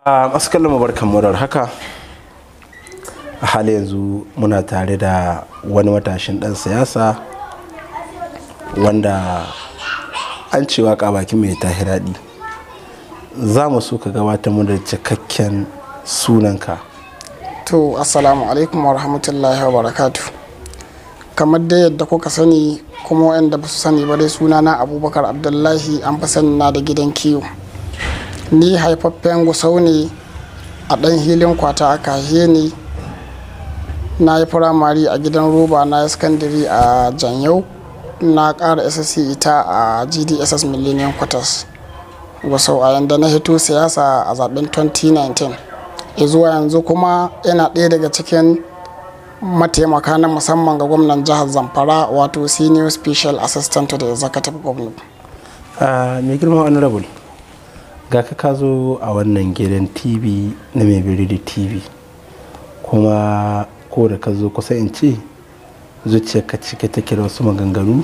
Ah, masu kallon barkan murar haka a hali yanzu muna tare da wani matashin dan siyasa wanda an ce waka bakin mai tahi daɗi za mu so ka gabatar mu da cikakken sunanka to assalamu alaikum wa rahmatullahi wa barakatu kamar da yadda kuka sani kuma waɗanda ba su sani ba dai sunana abubakar abdullahi an fi sani na da gidan kiwo ni haifaffen gusau ne a ɗan hilin kwata aka haihe ni na yi firamare a gidan roba na iskandiri sakandare a janyau na ƙara ssc ita a gdss millennium quarters gusau a yanda na hito siyasa a zaben 2019 zuwa yanzu kuma yana ɗaya daga cikin mataimaka na musamman ga gwamnan jihar zamfara wato senior special assistant to the executive governor uh, girma honorable ga ka zo a wannan gidan tv na mai biridi tv kuma ko da ka zo kusa in ce zuciya ka cike take da wasu maganganu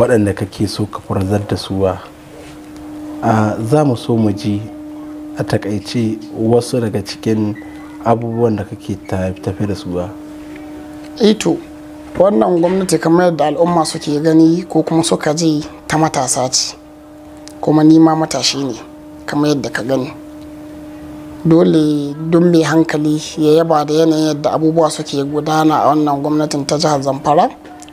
waɗanda kake so ka furzar da su ba za mu so mu ji a takaice wasu daga cikin abubuwan da kake tafi da su ba ito eh wannan gwamnati kamar yadda al'umma suke gani ko kuma suka ji ta matasa ce kuma nima matashi ne kamar yadda ka gani dole don mai hankali ya yaba da yanayin yadda abubuwa suke gudana a wannan gwamnatin ta jihar zamfara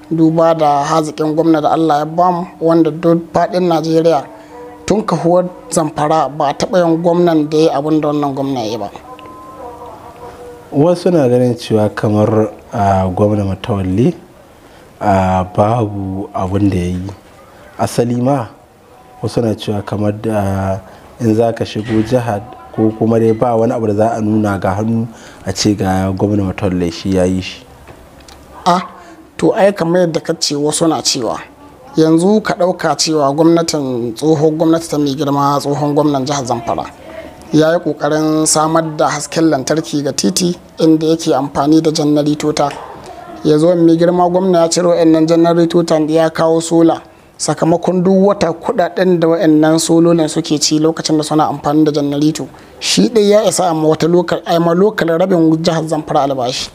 duba da haziƙin gwamna da allah ya bamu wanda duk faɗin najeriya tun kahuwar zamfara ba a taɓa yin gwamnan da ya abin da wannan gwamna ya ba wasu na ganin cewa kamar gwamna matawalli a babu abin da ya yi asali ma wasu na cewa kamar da in za ka shigo jihar ko kuma dai ba wani abu da za a nuna ga hannu a ce ga gwamna matolle shi ya yi shi a to ai kamar yadda ka ce wasu na cewa yanzu ka ɗauka cewa gwamnatin tsohon gwamnati ta mai girma tsohon gwamnan jihar zamfara ya yi ƙoƙarin samar da hasken lantarki ga titi inda yake amfani da janaritota ya zo mai girma gwamna ya ciro 'yan nan janaritota ya kawo sola sakamakon duk wata kudaden da wayannan sololin suke ci lokacin da suna amfani da janarito shi dai ya isa amma wata lokal ma lokal rabin jihar zamfara albashi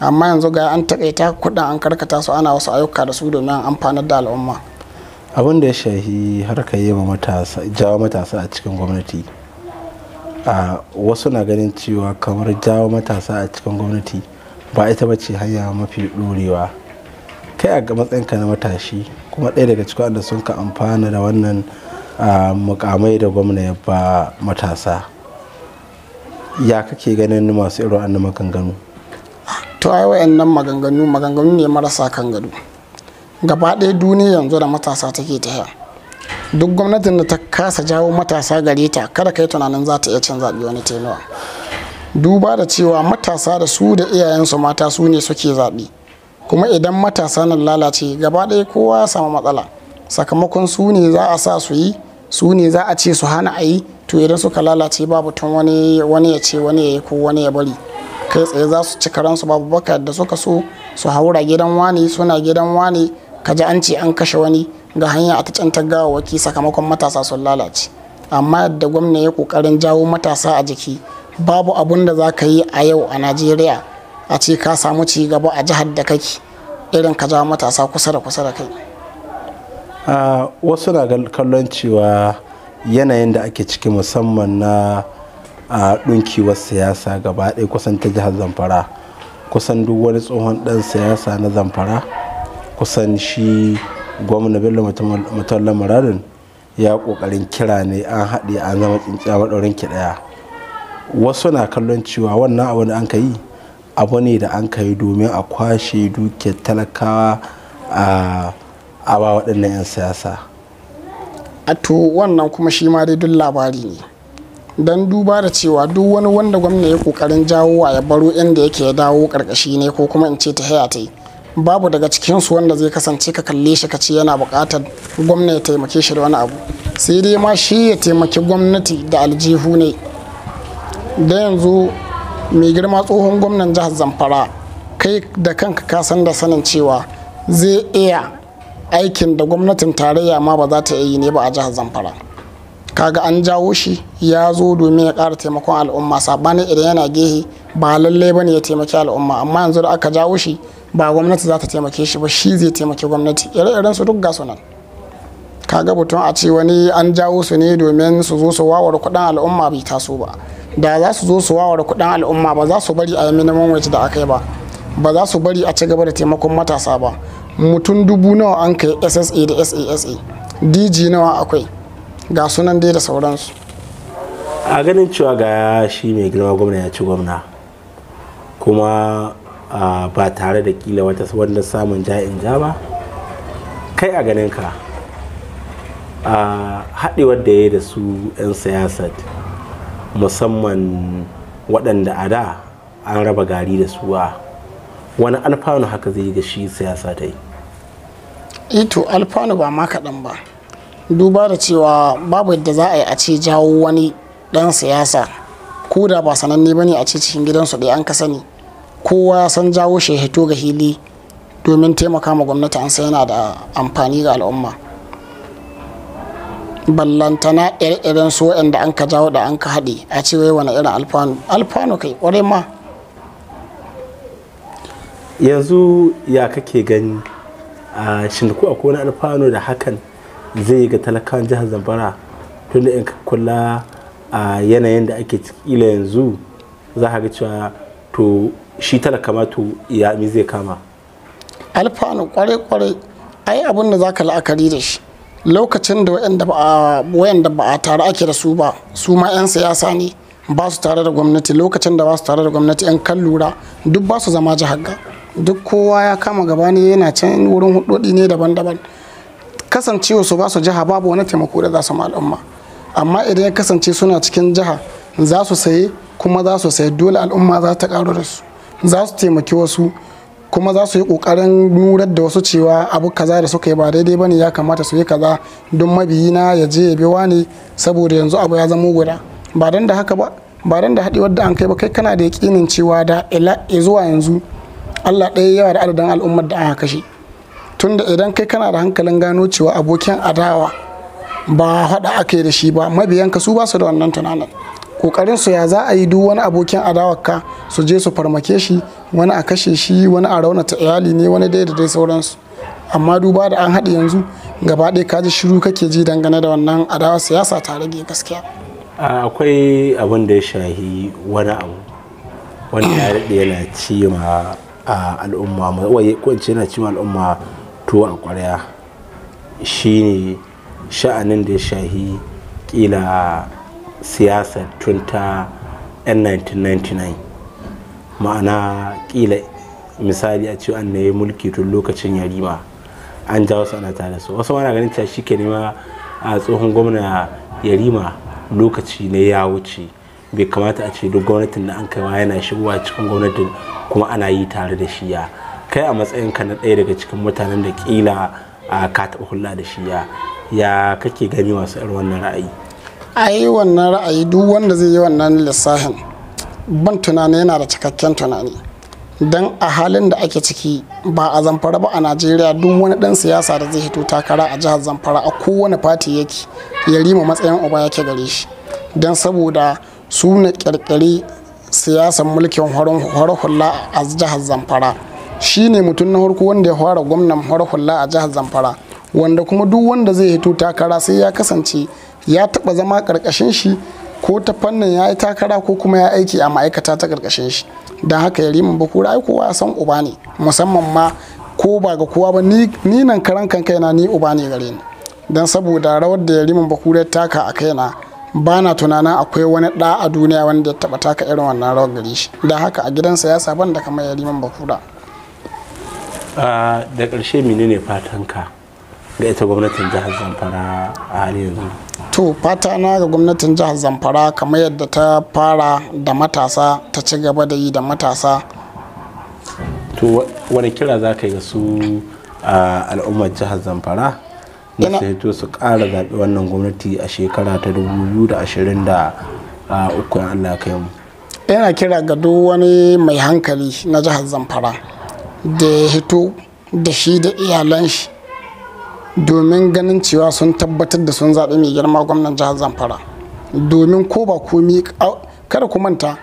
amma yanzu ga an takaita kudin an karkata su ana wasu ayyuka da su domin amfanar da al'umma abin da ya shahi harka yi ma matasa jawo matasa a cikin gwamnati a wasu na ganin cewa kamar jawo matasa a cikin gwamnati ba ita ba ce hanya mafi ɗorewa kai a matsayinka na matashi kuma ɗaya daga cikin wanda sun ka amfana da wannan mukamai da gwamna ya ba matasa ya kake ganin masu irin wannan maganganu to ai wayannan maganganu maganganu ne marasa kan gado gaba ɗaya duniya yanzu da matasa take ta tafiya duk gwamnatin da ta kasa jawo matasa gare ta kada kai tunanin za ta iya canza zaɓe wani taimawa duba da cewa matasa da su da iyayensu mata su ne suke zaɓi kuma idan matasa nan lalace gaba ɗaya kowa ya samu matsala sakamakon su ne za a sa su yi su ne za a ce su hana a yi to idan suka lalace babu tun wani ya ce wani ya yi ko wani ya bari kai tsaye za su ci su babu baka da suka so su haura gidan wani suna gidan wani ka ji an ce an kashe wani ga hanya a ta cantar gawawaki sakamakon matasa sun lalace amma yadda gwamna ya kokarin jawo matasa a jiki babu abun da za ka yi a yau a najeriya a ce ka samu ci gaba a jihar da kake irin ka jawo matasa kusa da kusa da kai wasu na kallon cewa yanayin da ake ciki musamman na a dunkiwar siyasa gaba ɗaya kusan ta jihar zamfara kusan duk wani tsohon ɗan siyasa na zamfara kusan shi gwamna bello mutallan muradin ya ƙoƙarin kira ne an haɗe a zama tsinciya maɗaurin ki ɗaya wasu na kallon cewa wannan abu da an ka yi abu ne da an kai domin a kwashe dukiyar talakawa a ba waɗannan 'yan siyasa a to wannan kuma shi ma dai duk labari ne don duba da cewa duk wani wanda gwamna ya kokarin jawo wa ya baro inda yake ya dawo karkashi ne ko kuma in ce ta haya ta babu daga cikinsu wanda zai kasance ka kalle shi ka ce yana buƙatar gwamna ya taimake shi da wani abu sai dai ma shi ya taimaki gwamnati da aljihu ne da yanzu mai girma tsohon gwamnan jihar zamfara kai da kanka ka san da sanin cewa zai iya aikin da gwamnatin tarayya ma ba za ta yi ne ba a jihar zamfara kaga an jawo shi ya zo domin ya ƙara taimakon al'umma sabanin idan yana gehe ba lalle ba ne ya taimaki al'umma amma yanzu da aka jawo shi ba gwamnati za ta taimake shi ba shi zai taimaki gwamnati ire-iren su duk ga su nan kaga butun a ce wani an jawo su ne domin su zo su wawar kudin al'umma bai taso ba da za su zo su wawara kudin al'umma ba za su bari a yi minimum wage da aka yi ba ba za su bari a ci gaba da taimakon matasa ba mutum dubu nawa an kai ssa da sasa dg nawa akwai ga sunan dai da sauransu a ganin cewa ga shi mai girma gwamna ya ci gwamna kuma ba tare da kila wata wannan samun ja'in ja ba kai a ganin ka haɗewar da ya yi da su 'yan siyasar musamman waɗanda a da an raba gari da suwa wani alfanu haka zai yi ga shi siyasa ta yi ito eh alfanu ba ma kaɗan ba duba da cewa babu yadda za a yi a ce jawo wani ɗan siyasa ko da ba sananne ba ne a ce cikin gidansu ɗaya an ka sani kowa san jawo shi hito ga hili domin taimaka ma gwamnati an sai yana da amfani ga al'umma ballantana ire-iren su waɗanda an ka jawo da an ka haɗe a ce wai wani irin alfanu alfanu kai ƙwarai ma yanzu ya kake gani a shinku a kone alfanu da hakan zai ga talakawan jihar zamfara tun da in kula a yanayin da ake cikila yanzu za a ga cewa to shi talakama to ya mi zai kama alfanu ƙwarai-ƙwarai ai abin za ka la'akari da shi lokacin da wayanda ba a tare ake da su ba su ma 'yan siyasa ne ba su tare da gwamnati lokacin da ba su tare da gwamnati 'yan kan lura duk ba su zama jihar duk kowa ya kama gaba ne yana can wurin hudodi ne daban-daban kasancewa su ba su jiha babu wani taimako da za su ma al'umma amma idan ya kasance suna cikin jiha za su saye kuma za su saye dole al'umma za ta karu da su za su taimaki wasu kuma za su yi kokarin nurar da wasu cewa abu kaza da suka yi ba daidai bane ya kamata su yi kaza don mabiyina ya je ya bi wani saboda yanzu abu ya zama guda ba don da haka ba ba don da haɗewar da an kai ba kai kana da yaƙinin cewa da ila e zuwa yanzu Allah ɗaya yawa da adadin al'ummar da aka kashe tunda idan kai kana da hankalin gano cewa abokin adawa ba haɗa ake da shi ba mabiyanka su ba su da wannan tunanin kokarin su ya za a yi duk wani abokin adawarka su je su farmake shi wani a kashe shi wani a raunata iyali ne wani dai da dai sauransu amma duba da an haɗe yanzu gaba ɗaya ka ji shiru kake ji dangane da wannan adawa siyasa ta rage gaskiya akwai abin da ya shahi wani abu wanda ya daɗe yana ci ma al'umma ko yana ci al'umma tuwo a ƙwarya shine sha'anin da ya shahi kila siyasa tun ta 1999 ma'ana kila misali a ce an yi mulki tun lokacin yarima an ja wasu ana tare su wasu ana ganin ta shi ke nema a tsohon gwamna yarima lokaci na ya wuce bai kamata a ce duk gwamnatin da an kaiwa yana shigowa cikin gwamnatin kuma ana yi tare da shiya kai a matsayin ka na ɗaya daga cikin mutanen da kila ka taɓa hulla da shiya ya kake gani masu irin wannan ra'ayi ai wannan ra'ayi duk wanda zai yi wannan lissafin ban tunani yana da cikakken tunani don a halin da ake ciki ba a zamfara ba a najeriya duk wani dan siyasa da zai hito takara a jihar zamfara a kowane fati yake ya rima matsayin uba yake gare shi don saboda su na kirkiri siyasar mulkin horon hula a jihar zamfara shi ne mutum na harko wanda ya fara gwamnan horon hula a jihar zamfara wanda kuma duk wanda zai hito takara sai ya kasance ya taɓa zama karkashin shi ko ta fannin ya yi takara ko kuma ya aiki a ma'aikata ta karkashin shi don haka yariman baku ai kowa san uba ne musamman ma ko ba ga kowa ba ni nan karan kan kaina ni uba ne gare ni don saboda rawar da yariman bakura taka a kaina ba na tunanin akwai wani ɗa a duniya wanda ya taba taka irin wannan rawar gare shi don haka a gidansa ya saban da kamar yariman bakura ah, da ƙarshe menene fatanka ga ita gwamnatin jihar zamfara a halin yanzu to fata na ga gwamnatin jihar zamfara kamar yadda ta fara da matasa ta ci gaba da yi da matasa to wani kira za ka yi ga su al'ummar jihar zamfara da su hito su kara zaɓi wannan gwamnati a shekara ta 2023 Allah kai mu yana kira ga duk wani mai hankali na jihar zamfara da hito da shi da iyalan shi domin ganin cewa sun tabbatar da sun zaɓi mai girma gwamnan jihar zamfara domin ko ba komi kada ku manta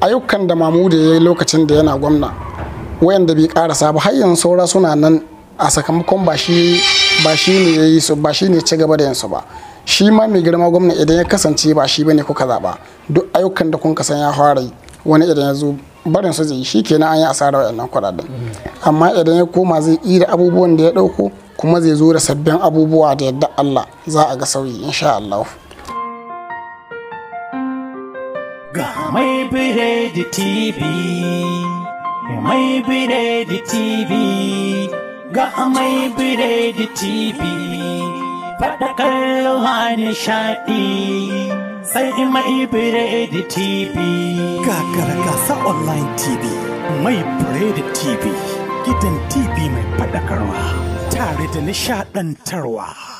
ayyukan da mamuda ya yi lokacin da yana gwamna wayanda bai karasa ba har yanzu saura suna nan a sakamakon ba shi ne ya yi su ba shi ne ci gaba da yansu ba shi ma mai girma gwamna idan ya kasance ba shi bane kuka zaɓa duk ayyukan da kun san ya fara wani idan ya zo barin su zai shi kenan an yi asara waɗannan kuɗaɗen amma idan ya koma zai iya abubuwan da ya ɗauko kuma zai zo da sabbin abubuwa da yadda Allah za a ga sauyi insha Allah. Ga mai bire da TV, mai bire da TV, ga mai bire da TV, faɗakar ruwa nishaɗi. sai mai biredi tv kakara gasa online tv mai biredi tv gidan tv mai faɗakarwa tare da nishaɗantarwa.